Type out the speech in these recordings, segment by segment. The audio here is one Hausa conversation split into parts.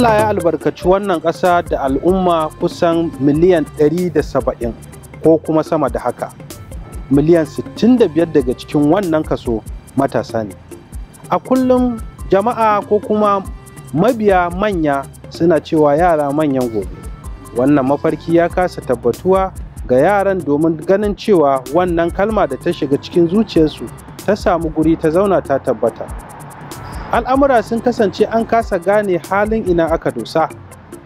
Allah ya albarkaci wannan ƙasa da al'umma kusan miliyan 170 ko kuma sama da haka. Miliyan 65 daga cikin wannan kaso matasa ne. A kullum jama'a ko kuma mabiya manya suna cewa yara manyan gobe. Wannan mafarki ya kasa tabbatuwa ga yaran domin ganin cewa wannan kalma da ta shiga cikin zuciyarsu ta samu guri ta zauna ta tabbata. al'amura sun kasance an kasa gane halin ina aka dosa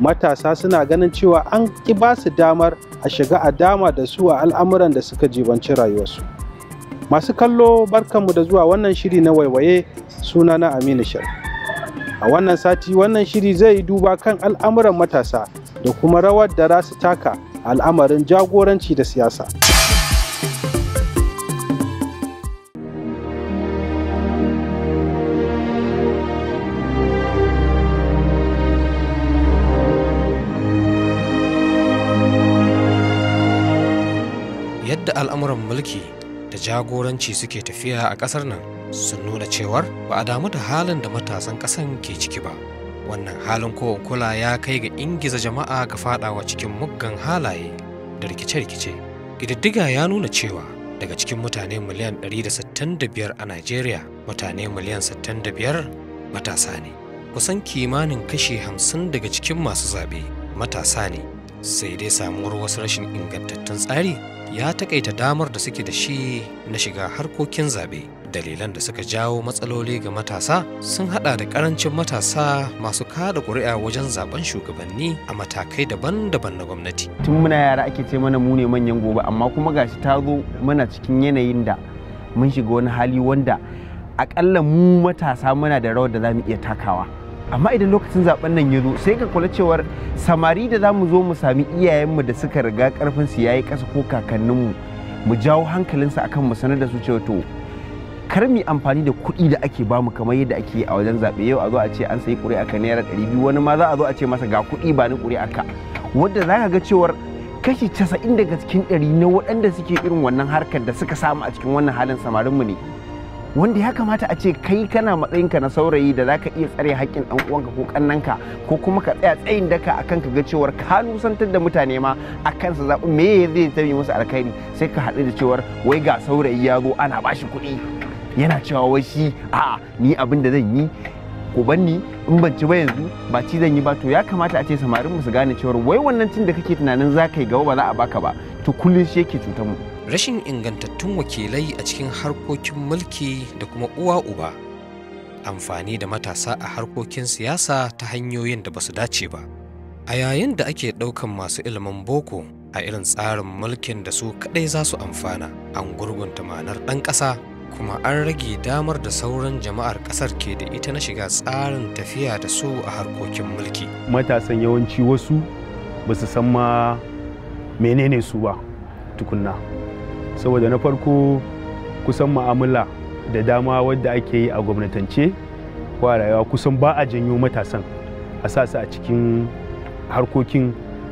matasa suna ganin cewa an ki ba su damar a shiga a dama da su a al'amuran da suka jibanci rayuwarsu masu kallo barkanmu da zuwa wannan shiri na waiwaye suna na aminu shir a wannan sati wannan shiri zai yi duba kan al'amuran matasa da kuma rawar da rasu taka al'amarin jagoranci da siyasa al'amuran mulki da jagoranci suke tafiya a ƙasar nan sun nuna cewar ba a damu da halin da matasan ƙasan ke ciki ba wannan halin ko kula ya kai ga ingiza jama'a ga fadawa cikin muggan halaye da rikice-rikice ƙididdiga ya nuna cewa daga cikin mutane miliyan 165 a Najeriya mutane miliyan 65 matasa ne kusan kimanin kashi 50 daga cikin masu zaɓe matasa ne sai dai samuwar wasu rashin ingantattun tsari ya takaita damar da suke da shi na shiga harkokin zaɓe. Dalilan da suka jawo matsaloli ga matasa sun haɗa da ƙarancin matasa masu kaɗa ƙuri'a wajen zaben shugabanni a matakai daban-daban na gwamnati. Tun muna yara ake ce mana mu ne manyan gobe amma kuma gashi ta zo mana cikin yanayin da mun shiga wani hali wanda akalla mu matasa muna da rawar da za mu iya takawa. amma idan lokacin zaben nan ya zo sai ka kula cewar samari da za mu zo mu sami iyayenmu da suka riga karfin su yayi ƙasa ko kakanninmu mu jawo hankalinsa akan mu sanar da su cewa to kar mu amfani da kuɗi da ake bamu kamar yadda ake a wajen zaɓe yau a zo a ce an sayi ƙuri'a ka naira ɗari biyu wani ma za a zo a ce masa ga kuɗi ba ni ƙuri'a ka wadda za ka ga cewar kashi casa'in daga cikin ɗari na waɗanda suke irin wannan harkar da suka samu a cikin wannan halin samarinmu ne wanda ya kamata a ce kai kana matsayinka na saurayi da za ka iya tsare haƙƙin ɗan uwanka ko ƙannanka ko kuma ka tsaya tsayin daka akan ka ga cewar ka nusantar da mutane ma a kansa zaɓi me zai zame musu alkhairi sai ka haɗu da cewar wai ga saurayi ya zo ana bashi kuɗi yana cewa wai shi a ni abin da zan yi ko ni in ban ci ba yanzu ba ci zan yi ba to ya kamata a ce samarin mu su gane cewar wai wannan cin da kake tunanin za ka yi gaba ba za a baka ba to kullum shi yake cutar mu rashin ingantattun wakilai a cikin harkokin mulki da kuma uwa uba amfani da matasa a harkokin siyasa ta hanyoyin da basu dace ba a yayin da ake ɗaukan masu ilimin boko a irin tsarin mulkin da su kaɗai za su amfana an gurgunta manar ɗan ƙasa kuma an rage damar da sauran jama'ar ƙasar ke da ita na shiga tsarin tafiya da su a harkokin mulki matasan yawanci wasu ba su san ma menene su ba tukunna saboda na farko kusan ma'amala da dama wadda ake yi a gwamnatance ko rayuwa kusan ba a janyo matasan a sa su a cikin harkokin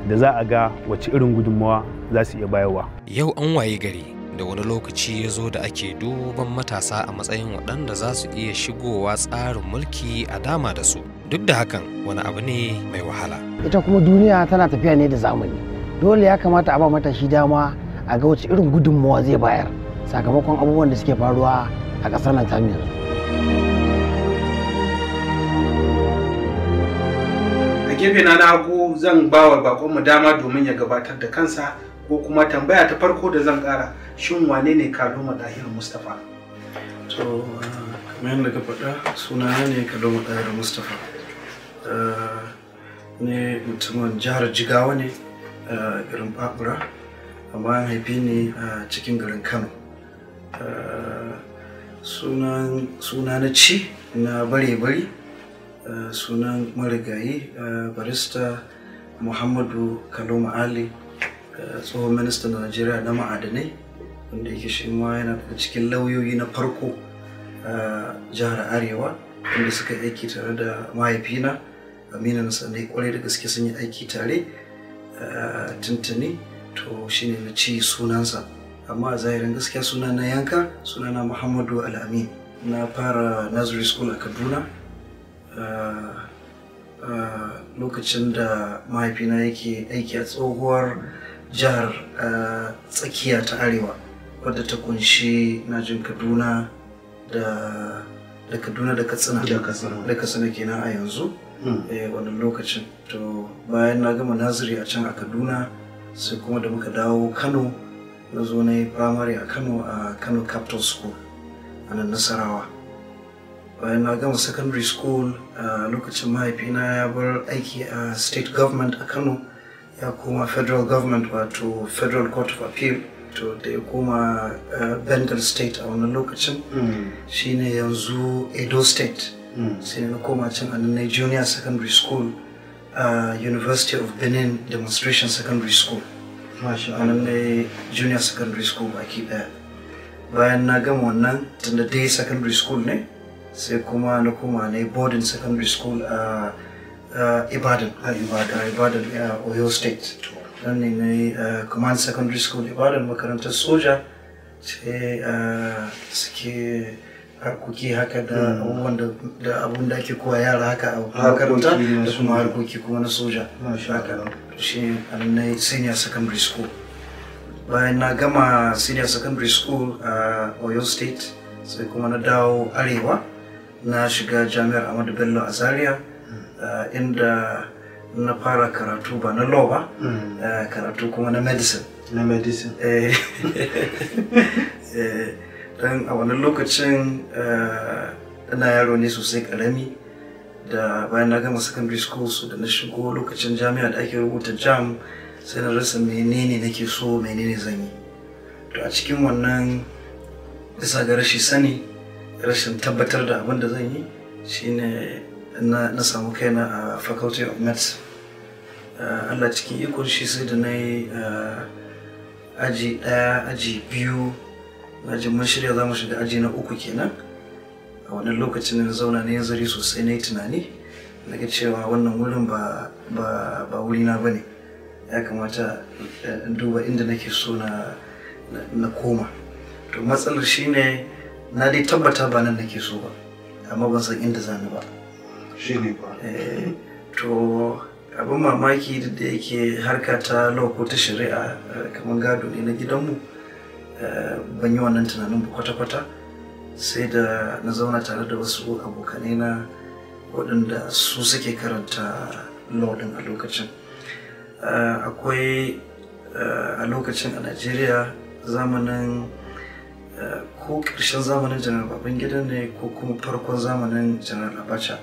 da za a ga wace irin gudunmawa za su iya bayarwa yau an waye gari da wani lokaci ya zo da ake duban matasa a matsayin waɗanda za su iya shigowa tsarin mulki a dama da su duk da hakan wani abu ne mai wahala ita kuma duniya tana tafiya ne da zamani dole ya kamata a ba matashi dama a ga wace irin gudunmawa zai bayar sakamakon abubuwan da suke faruwa a ƙasar nan tamiyar a gefe na na hagu zan bawa wa bakonmu dama domin ya gabatar da kansa ko kuma tambaya ta farko da zan kara shin wane ne kaluma dahir mustapha to kamar yadda ka suna ne kaluma dahir mustapha eh, ne mutumin jihar jigawa ne garin Babura amma an haife ni a cikin garin Kano. Suna na ci na bare-bare sunan marigayi barista Muhammadu Kaloma Ali tsohon ministan Najeriya na ma'adanai wanda yake shi ma yana daga cikin lauyoyi na farko a jihar Arewa wanda suka aiki tare da mahaifina Aminu Sani kwarai da gaske sun yi aiki tare. tuntuni to shine na ci sunansa amma a zahirin gaskiya suna na yanka suna na muhammadu al'amin na fara nursery school a kaduna lokacin da mahaifina yake aiki a tsohuwar jihar tsakiya ta arewa wadda ta kunshi najin kaduna da kaduna da katsina da katsina kenan a yanzu Eh, wannan lokacin to bayan na gama naziri a can a kaduna sai kuma da muka dawo kano na zo na yi primary a kano a kano capital school a nan nasarawa bayan na gama secondary school a lokacin mahaifina ya bar aiki a state government a kano ya koma federal government wato federal court of appeal to da ya koma eh, bengal state a wannan lokacin mm. shine yanzu edo state Mm. sai na koma can a nan junior secondary school a university of benin demonstration secondary school a nan junior secondary school baki daya bayan na gama wannan tunda dai secondary school ne sai kuma na koma na boarding secondary school a ibadan a ibadan a oyo state nan ne na yi command secondary school ibadan makarantar soja sai suke harkoki haka da hmm. abubuwan da abun da ake kowa yara haka a makaranta da kuma harkoki kuma na soja haka shi na senior secondary school bayan na gama senior secondary school a oyo state sai kuma na dawo arewa na shiga jami'ar ahmadu bello a zaria hmm. inda na fara karatu ba na law ba hmm. karatu kuma na medicine na medicine eh. Eh. dan a wannan lokacin eh, ina yaro ne sosai karami da bayan na gama secondary school so da na shigo lokacin jami'a da ake rubuta jam sai na rasa menene nake so menene zan yi to a cikin wannan isa ga rashi sani rashin tabbatar da abin da zan yi shine na samu kaina a faculty of medicine eh, Allah cikin ikon shi sai da na yi eh, aji ɗaya aji biyu na ji mun shirya za mu shiga aji na uku kenan a wannan lokacin na zauna na nazari sosai na yi tunani na ga cewa wannan wurin ba ba wurina ba ne ya kamata eh, in duba inda nake so na koma to matsalar shine na dai tabbata ba nan nake so ba amma ban san inda zani ba shine ba eh, to abin mamaki da yake harka ta law ko ta shari'a eh, kamar gado ne na gidanmu Eh, ban yi wannan tunanin ba kwata-kwata sai da na zauna tare da wasu abokanai na waɗanda su suke karanta lordin a lokacin eh, akwai eh, a lokacin a najeriya zamanin ko ƙarshen zamanin janar babangida ne ko kuma farkon zamanin janar abacha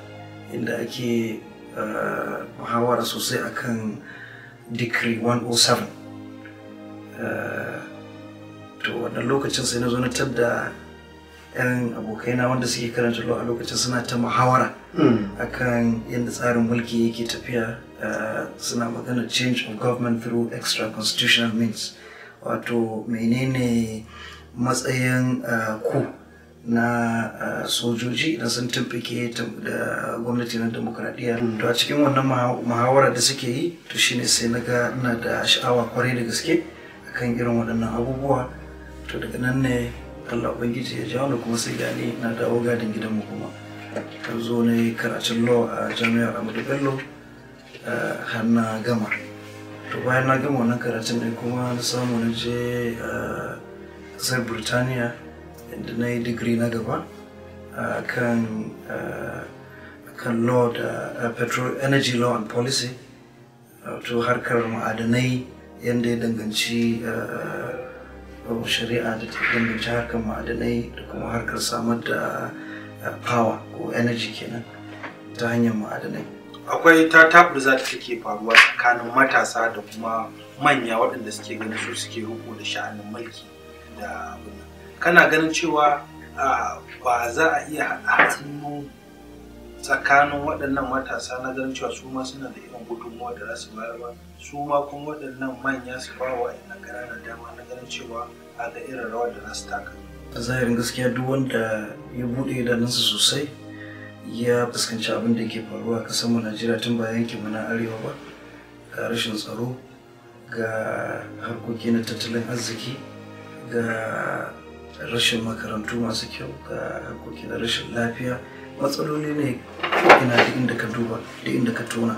inda ake muhawara sosai akan kan 107 wannan lokacin sai na zo na tadda yan abokaina wanda suke karanta law a lokacin suna ta muhawara hmm. akan yadda tsarin mulki yake tafiya eh, suna magana change of government through extra constitutional means wato menene matsayin eh, ku na eh, sojoji da sun tumfike da gwamnati na demokradiyya hmm. to a cikin wannan muhawara da suke yi to shine sai na ga ina da sha'awa kwarai da gaske akan irin waɗannan abubuwa to daga nan ne allah ubangiji ya jawo kuma sai gani na dawo gadin gidanmu kuma ta zo ne karatun law a jami'ar amadu bello eh, har na gama to bayan na gama wannan karatun ne kuma na samu na je eh, ƙasar burtaniya inda na yi digiri na gaba a kan eh, kan law da petrol energy law and policy to harkar ma'adanai yadda ya danganci shari'a da ta danganci harkar ma'adanai da kuma harkar samar da eh, power ko energy kenan ta hanyar ma'adanai akwai ta taburza da take faruwa tsakanin matasa da kuma manya waɗanda suke ganin su suke riko da sha'anin mulki da kana ganin cewa ah, ba za a iya haɗa hannu tsakanin waɗannan matasa na ganin cewa su ma suna da irin gudunmuwa da za su bayar su ma kuma waɗannan manya su ba wa ina na dama na ganin cewa a ga irin rawa da za taka. a zahirin gaskiya duk wanda ya buɗe idanunsa sosai ya fuskanci abin da ke faruwa a ƙasar mu najeriya tun ba yanki mu na arewa ba ga rashin tsaro ga harkoki na tattalin arziki ga rashin makarantu masu kyau ga harkoki na rashin lafiya matsaloli ne ina da inda ka duba da inda ka tona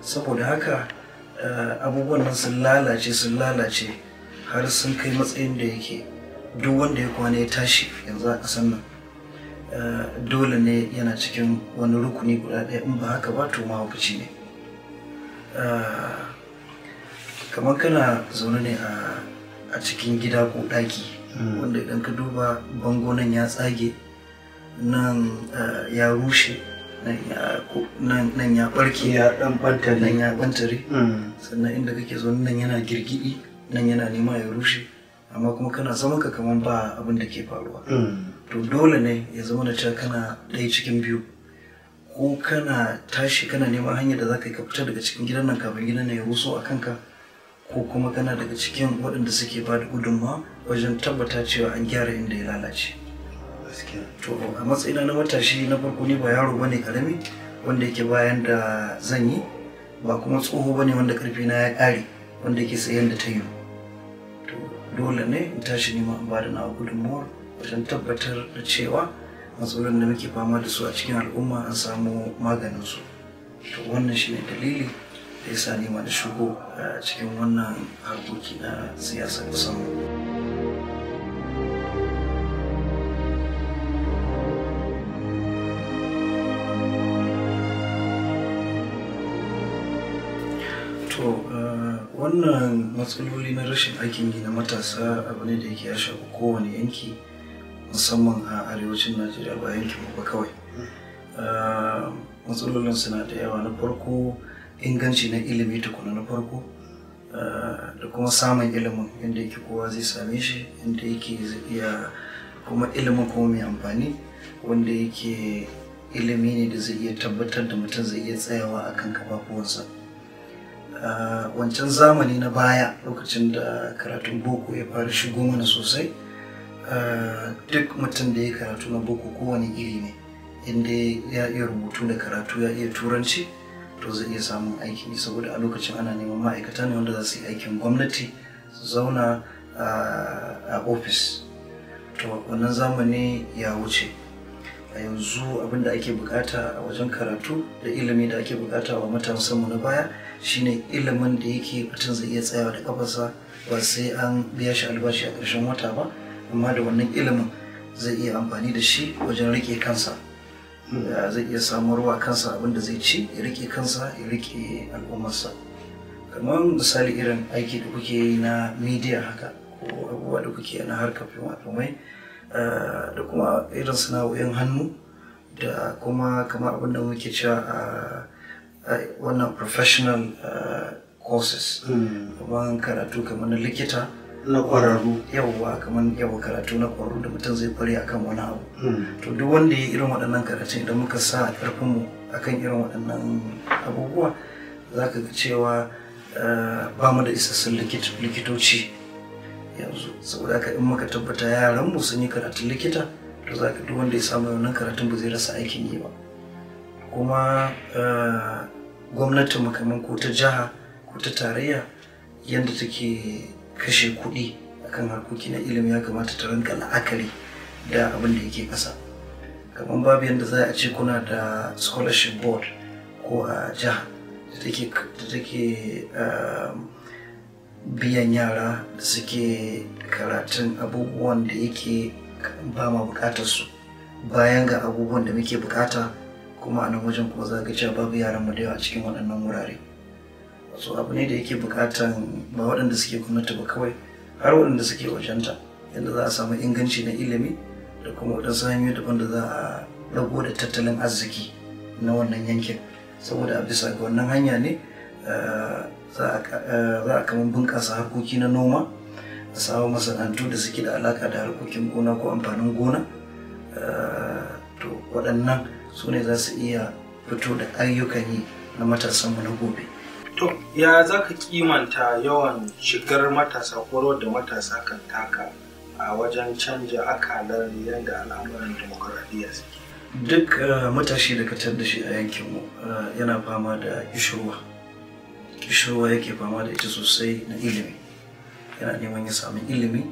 saboda haka eh, abubuwan nan sun lalace sun lalace har sun kai matsayin da yake duk wanda ya kwana ya tashi yanzu a ƙasan nan eh, dole ne yana cikin wani rukuni guda ɗaya in ba haka ba to mahaukaci ne eh, kamar kana zaune ne a cikin gida ko ɗaki mm. wanda idan ka duba bango nan ya tsage Eh, nan ya rushe nan ya barke ya dan nan ya bantare mm. sannan inda kake zo nan yana girgidi nan yana nema ya rushe amma kuma kana zama ka kamar ba abin da ke faruwa mm. to dole ne ya zama na cewa kana ɗaya cikin biyu ko kana tashi kana neman hanyar da za ka ka fita daga cikin gidan nan kafin gidan nan ya ruso a kanka ko kuma kana daga cikin waɗanda suke ba da gudunmawa wajen tabbata cewa an gyara inda ya lalace to a matsayina na matashi na farko ni ba yaro bane karami wanda yake bayan da zan yi ba kuma tsoho bane wanda karfi na ya kare wanda yake sayan da ta yi to dole ne in tashi nima in bada na gudunmuwar wajen tabbatar da cewa matsalolin da muke fama da su a cikin al'umma an samu maganin su to wannan shine dalili da yasa nima da shigo a eh, cikin wannan harkoki na siyasa musamman wannan matsaloli na rashin aikin yi na matasa abu ne da yake ya shafi kowane yanki musamman a arewacin najeriya ba yankin ba kawai ah, matsalolin suna da yawa na farko inganci na ilimi tukuna na farko ah, da kuma samun ilimin inda yake kowa zai same shi inda yake iya kuma ilimin kuma mai amfani wanda yake ilimi ne da zai iya tabbatar da mutum zai iya tsayawa akan kafafuwansa wancan zamani na baya lokacin da karatun boko ya fara shigo mana sosai duk mutum da ya karatu na boko kowane iri ne inda ya iya rubutu da karatu ya iya turanci to zai iya samun aiki saboda a lokacin ana neman ma'aikata ne wanda za su yi aikin gwamnati su zauna a ofis to wannan zamani ya wuce a yanzu abin da ake bukata a wajen karatu da ilimi da ake bukata wa matasanmu na baya shine ilimin da yake mutum zai iya tsayawa da kafarsa ba sai an biya shi albashi a ƙarshen wata ba amma da wannan ilimin zai iya amfani da shi wajen rike kansa eh, zai iya samarwa kansa abinda zai ci ya rike kansa ya rike al'ummarsa kamar misali irin aiki da kuke yi na midiya haka ko abubuwa da kuke na harkar fimafimai eh, da kuma irin sana'o'in hannu da kuma kamar abinda muke cewa a ah, Eh, wannan professional eh, courses hmm. kamar karatu kamar na likita na kwararru yawwa kamar yawa karatu na kwararru da mutum zai kware akan wani abu hmm. to duk wanda ya irin waɗannan karatu idan muka sa a ƙarfinmu akan irin waɗannan abubuwa za ka ga cewa eh, ba mu da isassun likitoci yanzu saboda haka in muka tabbata yaran mu sun yi karatun likita to za ka duk wanda ya samu wannan karatun ba zai rasa aikin yi ba kuma eh, gwamnatin kamar ko ta jiha ko ta tarayya yadda take kashe kuɗi akan harkoki na ilimi ya kamata ta rinka la'akari da abin da yake ƙasa kamar babu yadda za a ce kuna da scholarship board ko a jiha da take eh, biyan yara da suke karatun abubuwan da yake ba ma bukatarsu bayan ga abubuwan da muke bukata kuma a nan wajen kuma za ka cewa babu yaran mu da yawa cikin waɗannan wurare Wasu abu ne da yake buƙatan ba waɗanda suke gwamnati ba kawai har waɗanda suke wajenta yadda za a samu inganci na ilimi da kuma waɗansu hanyoyi daban da za a rago da tattalin arziki na wannan yankin saboda a bisa ga wannan hanya ne eh, za a eh, kama bunƙasa harkoki na noma a samu masana'antu da suke da alaƙa da harkokin gona ko amfanin gona eh, to waɗannan su ne za su iya fito da ayyukan yi na matasanmu na gobe. To, ya za ka kimanta yawan shigar matasa ko da matasa kan taka a wajen canja akalar yadda al'amuran demokuraɗiyya suke? Duk eh, matashi da ka da shi a yankinmu eh, yana fama da kishirwa. Kishirwa yake fama da ita sosai na ilimi. Yana neman ya samu ilimi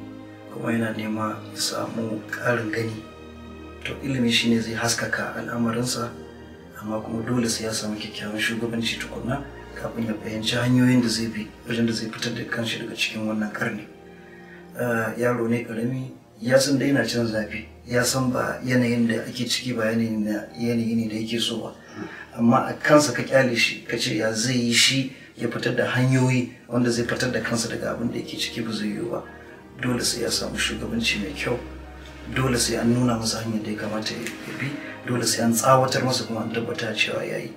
kuma yana neman ya samu ƙarin gani. to ilimi shine zai haskaka al'amarinsa amma kuma dole sai ya samu kyakkyawan shugabanci tukunna kafin ya fahimci hanyoyin da zai bi wajen da zai fitar da kanshi daga cikin wannan karni eh, yaro ne karami ya san dai yana cin zafi ya san ba yanayin da ake ciki ba yanayi ne da yake so ba amma a kansa ka kyale shi ka ce ya zai yi shi ya fitar da hanyoyi wanda zai fitar da kansa daga abin da yake ciki ba zai yiwu ba dole sai ya samu shugabanci mai kyau dole sai an nuna masa hanyar da ya kamata ya bi dole sai an tsawatar masa kuma an tabbata cewa ya yi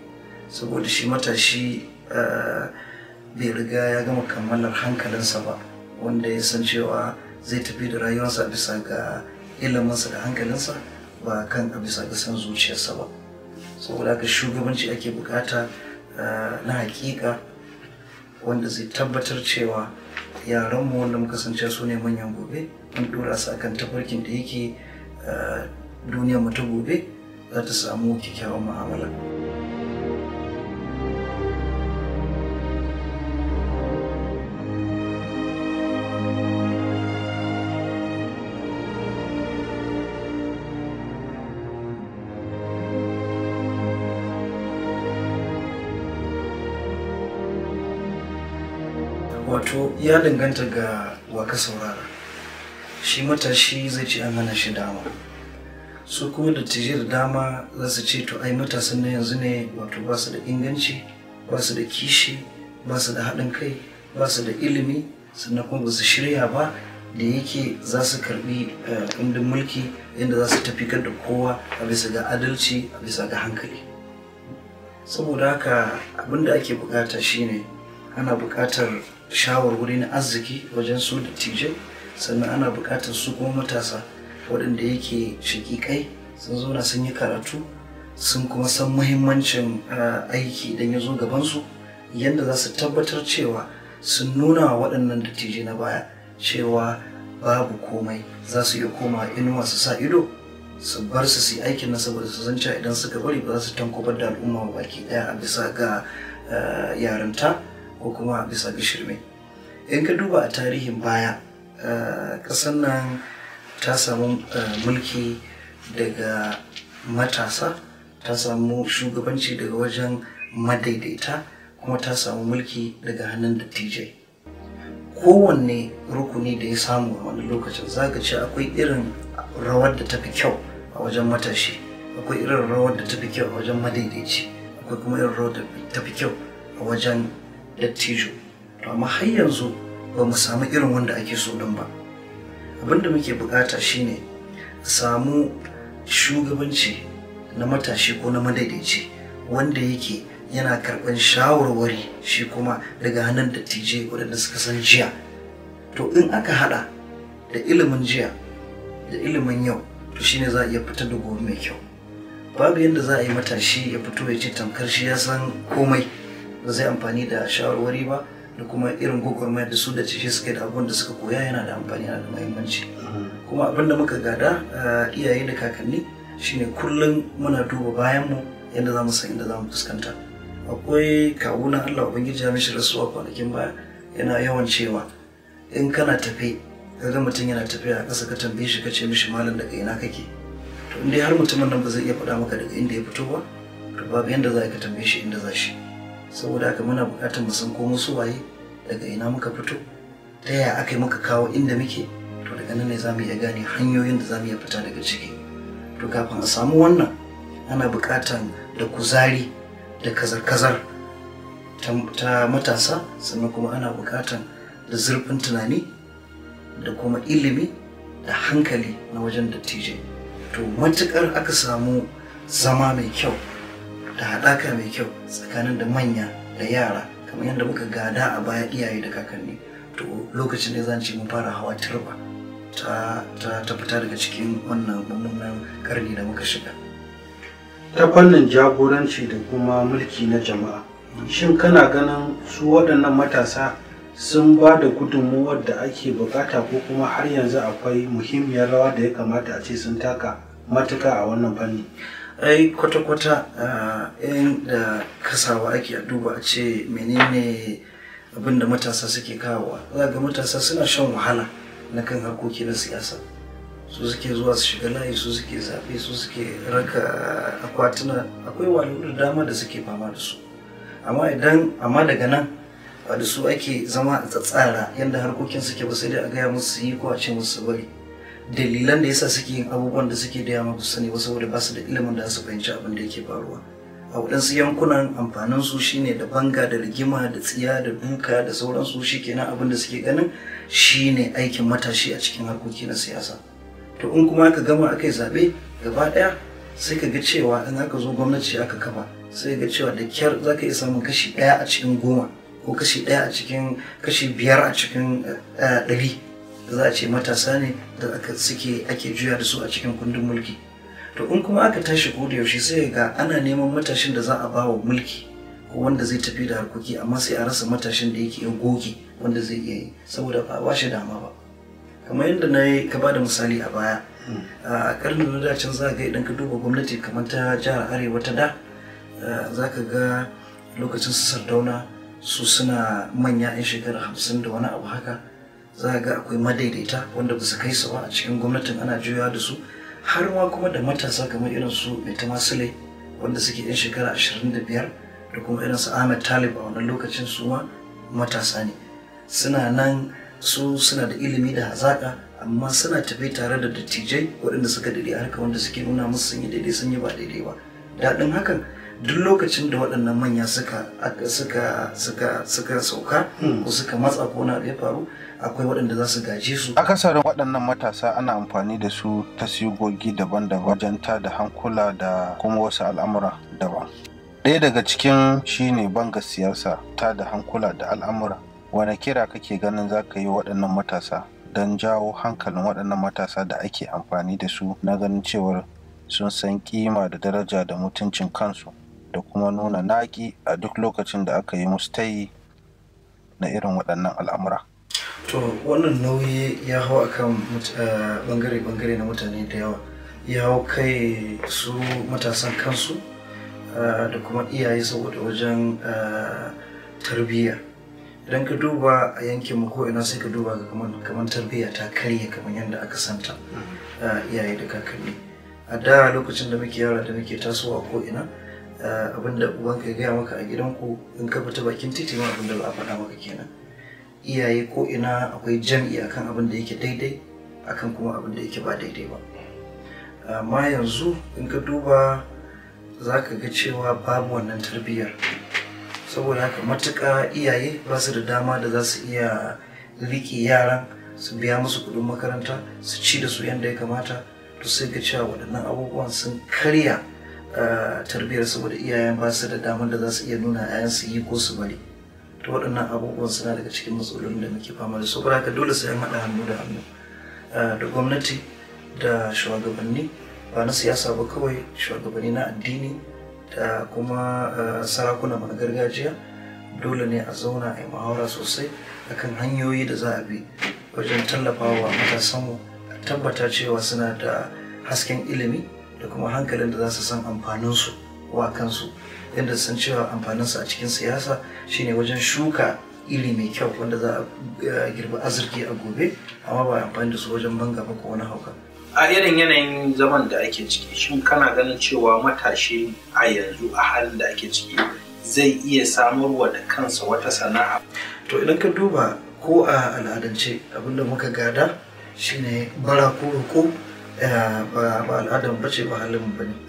saboda shi matashi eh, bai riga ya gama kammalar hankalinsa ba wanda ya san cewa zai tafi da rayuwarsa bisa ga iliminsa da hankalinsa ba kan a bisa ga san zuciyarsa ba saboda haka shugabanci ake bukata eh, na hakika wanda zai tabbatar cewa mu wanda muka kasance su ne manyan gobe an dora su akan tafarkin da yake eh, duniyar mu ta gobe za ta samu kyakkyawan mu'amala. ya danganta ga waka saurara shi matashi zai ce an hana shi dama su kuma da tije da dama za su ce to ai matasan na yanzu ne wato ba su da inganci ba su da kishi ba su da haɗin kai ba su da ilimi sannan kuma ba su shirya ba da yake za su karbi eh, kundin mulki inda za su tafi da kowa a bisa ga adalci a bisa ga hankali saboda haka abinda da ake bukata shine ana bukatar shawarwari na arziki wajen su dattijai sannan ana bukatar su kuma matasa waɗanda yake kai sun zauna sun yi karatu sun kuma san muhimmancin ah, aiki idan ya zo gabansu yadda za su tabbatar cewa sun nuna wa waɗannan dattijai na baya cewa babu komai za su iya koma inuwa su sa ido su bar su su aikin na saboda su zanca idan suka bari ba za su tankobar da al'umma baki daya a bisa ga ah, yaranta ko kuma a bisa ga shirme. in ka duba a tarihin baya eh, ƙasar nan ta samu eh, mulki daga matasa ta samu shugabanci daga wajen madaidaita kuma ta samu mulki daga hannun dattijai kowanne rukuni da ya samu a wani lokacin zaka ce akwai irin rawar da ta fi kyau a wajen matashi akwai irin rawar da ta fi kyau a wajen madaidaici akwai kuma irin rawar da ta fi kyau a wajen dattijo to amma har yanzu ba mu samu irin wanda ake so din ba Abin da muke bukata shine samu shugabanci na matashi ko na madaidaici wanda yake yana karɓar shawarwari shi kuma daga hannun dattijai waɗanda suka san jiya to in aka haɗa da ilimin jiya da ilimin yau to shine za a iya fitar da gobe mai kyau babu yadda za a yi matashi ya fito ya ce tamkar shi ya san komai ba zai amfani da shawarwari ba da kuma irin gwagwarmayar da su da cikin suke da abin da suka koya yana da amfani yana da muhimmanci kuma abin da muka gada ah, iyaye da kakanni shine kullum muna duba bayan mu yadda za mu san inda za mu fuskanta akwai kawunan Allah ubangiji ya mishi rasuwa kwanakin baya yana yawan cewa in kana tafe kaga mutum yana tafiya a kasa ka tambaye shi ka ce mishi malam daga ina kake to in dai har mutumin nan ba zai iya faɗa maka daga inda ya fito ba to babu yanda za ka tambaye shi inda za shi saboda haka muna bukatar mu san ko mu su waye daga ina muka fito ta yaya aka yi muka kawo inda muke to daga nan ne za mu iya gane hanyoyin da za mu iya fita daga ciki to kafin a samu wannan ana bukatar da kuzari da kazar-kazar ta matasa sannan kuma ana bukatar da zurfin tunani da kuma ilimi da hankali na wajen dattijai to matukar aka samu zama mai kyau da haɗaka mai kyau tsakanin da manya da yara kamar yadda muka gada a baya iyaye da kakanni to lokacin da zan ce mun fara hawa turba ta ta fita daga cikin wannan mummunan karni da muka shiga ta fannin jagoranci da kuma mulki na jama'a shin kana ganin su waɗannan matasa sun ba da gudunmuwar da ake bukata ko kuma har yanzu akwai muhimmiyar rawa da ya kamata a ce sun taka matuka a wannan fanni ai kwata-kwata da kasawa ake a duba a ce menene abin da matasa suke kawowa za ga matasa suna shan wahala na kan harkoki na siyasa su suke zuwa su shiga layi su suke zaɓe su suke raka akwatuna akwai wani da dama da suke fama da su amma idan amma daga nan ba da su ake zama a tsatsara yadda harkokin suke ba sai dai a gaya musu yi ko a ce musu bari dalilan da yasa suke yin abubuwan da suke da yawa sani ne saboda ba su da ilimin da su fahimci abin da yake faruwa a waɗansu yankunan amfanin su shine da banga da rigima da tsiya da duka da sauransu shikenan abin da suke ganin shine aikin matashi a cikin harkoki na siyasa to in kuma aka gama aka yi zaɓe gaba ɗaya sai ka ga cewa in aka zo gwamnati aka kafa sai ga cewa da kyar za ka iya samun kashi ɗaya a cikin goma ko kashi ɗaya a cikin kashi biyar a cikin eh, ɗari da za a ce matasa ne da aka suke ake juya da su a cikin kundin mulki to in kuma aka tashi ko da yaushe sai ga ana neman matashin da za a ba wa mulki ko wanda zai tafi da harkoki amma sai a rasa matashin da yake goge wanda zai iya yi saboda ba ba shi dama ba kamar yadda na yi ka ba da misali a baya a karni na dacin za ga idan ka duba gwamnati kamar ta jihar arewa ta da za ka ga lokacin su sardauna su suna manya 'yan shekara hamsin da wani abu haka za ga akwai madaidaita wanda ba su kai su ba a cikin gwamnatin ana juya da su har ma kuma da matasa kamar irin su mai tamasile wanda suke yan shekara 25 da kuma irin su ahmed talib a wannan lokacin su ma matasa ne suna nan su suna da ilimi da hazaƙa amma suna tafi tare da dattijai waɗanda suka daidai harka wanda suke nuna musu sun yi daidai sun yi ba daidai ba daɗin haka duk lokacin da waɗannan manya suka suka suka suka sauka hmm. ko suka matsa ko na da ya faru akwai waɗanda za su gaje su akasarin waɗannan matasa ana amfani da su ta sigogi daban-daban wajen ta da hankula da kuma wasu al'amura daban ɗaya daga cikin shine banga siyasa ta da hankula da al'amura wane kira kake ganin za ka yi waɗannan matasa don jawo hankalin waɗannan matasa da ake amfani da su na ganin cewar sun san kima da daraja da mutuncin kansu da kuma nuna naƙi a duk lokacin da aka yi musu tayi na irin waɗannan al'amura. to wannan nauyi ya hau a kan bangare-bangare eh, na mutane da yawa ya hau kai su matasan kansu eh, da kuma iyaye saboda wajen eh, tarbiyya idan ka duba a yankin mu ko ina sai ka duba ga kamar tarbiyya ta karya kamar yadda aka santa iyaye da kakanni a da lokacin da muke yara da muke tasowa ko ina abinda ubanka ya gaya maka a gidanku in ka fita bakin titi ma abinda ba a faɗa maka kenan iyaye ko ina akwai jam'i akan abin da yake daidai akan kuma abin da yake ba daidai ba amma yanzu in ka duba za ka ga cewa babu wannan tarbiyyar saboda haka matuƙa iyaye ba su da dama da za su iya riƙe yaran su biya musu kuɗin makaranta su ci da su yadda ya kamata to sai ga cewa waɗannan abubuwan sun karya eh, tarbiyyar saboda iyayen ba su da damar da za su iya nuna 'ya'yansu yi ko su bari to waɗannan abubuwan suna daga cikin matsalolin da muke fama da su haka dole sai an haɗa hannu da hannu eh, da gwamnati da shugabanni ba na siyasa ba kawai shugabanni na addini da kuma eh, sarakuna na gargajiya dole ne a zauna a yi muhawara sosai akan hanyoyi da za a bi wajen tallafawa matasanmu a tabbata cewa suna da hasken ilimi da kuma hankalin da za su san amfaninsu wa kansu yadda san cewa amfaninsa a cikin siyasa shine wajen shuka iri mai kyau wanda za a eh, girbi azurki a gobe amma ba amfani da su wajen banga ba ko wani hauka a irin yanayin zaman da ake ciki shin kana ganin cewa matashi a yanzu a halin da ake ciki zai iya samarwa da kansa wata sana'a to idan ka duba ko a al'adance abinda muka gada shine bara ko roko eh, ba al'adar bace ba halin ba ne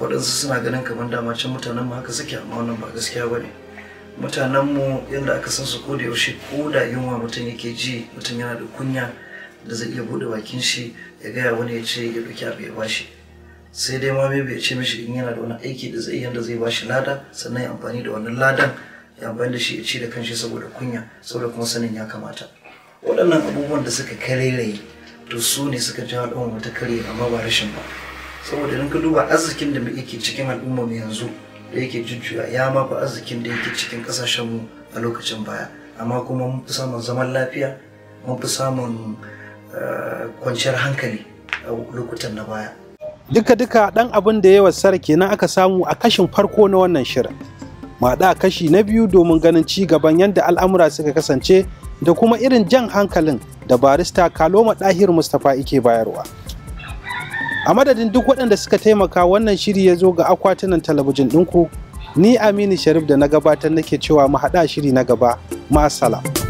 waɗansu suna ganin kamar dama can mutanen mu haka suke amma wannan ba gaskiya ba ne mutanen mu yadda aka san su ko da yaushe ko da yunwa mutum yake ji mutum yana da kunya da zai iya buɗe bakin shi ya gaya wani ya ce ya ɗauki abu ya bashi sai dai ma bai ce mishi in yana da wani aiki da zai yanda zai bashi lada sannan ya amfani da wannan ladan ya amfani da shi ya ci da kanshi saboda kunya saboda kuma sanin ya kamata waɗannan abubuwan da suka karerai to su ne suka jawo ɗan wata kare amma ba rashin ba saboda in ka duba arzikin da muke cikin al'ummar yanzu da yake jujjuya ya ma fi arzikin da yake cikin kasashen mu a lokacin baya amma kuma mun fi samun zaman lafiya mun fi samun eh, kwanciyar hankali a lokutan na baya duka-duka dan abin da yawa sarki kenan aka samu a kashin farko na wannan shirin maɗa kashi na biyu domin ganin ci gaban yadda al'amura suka kasance da kuma irin jan hankalin da barista kaloma ɗahir mustapha ike bayarwa a madadin duk waɗanda suka taimaka wannan shiri ya zo ga akwatunan talabijin ɗinku ni aminu sharif da na gabatar nake cewa mu haɗa shiri na gaba masala.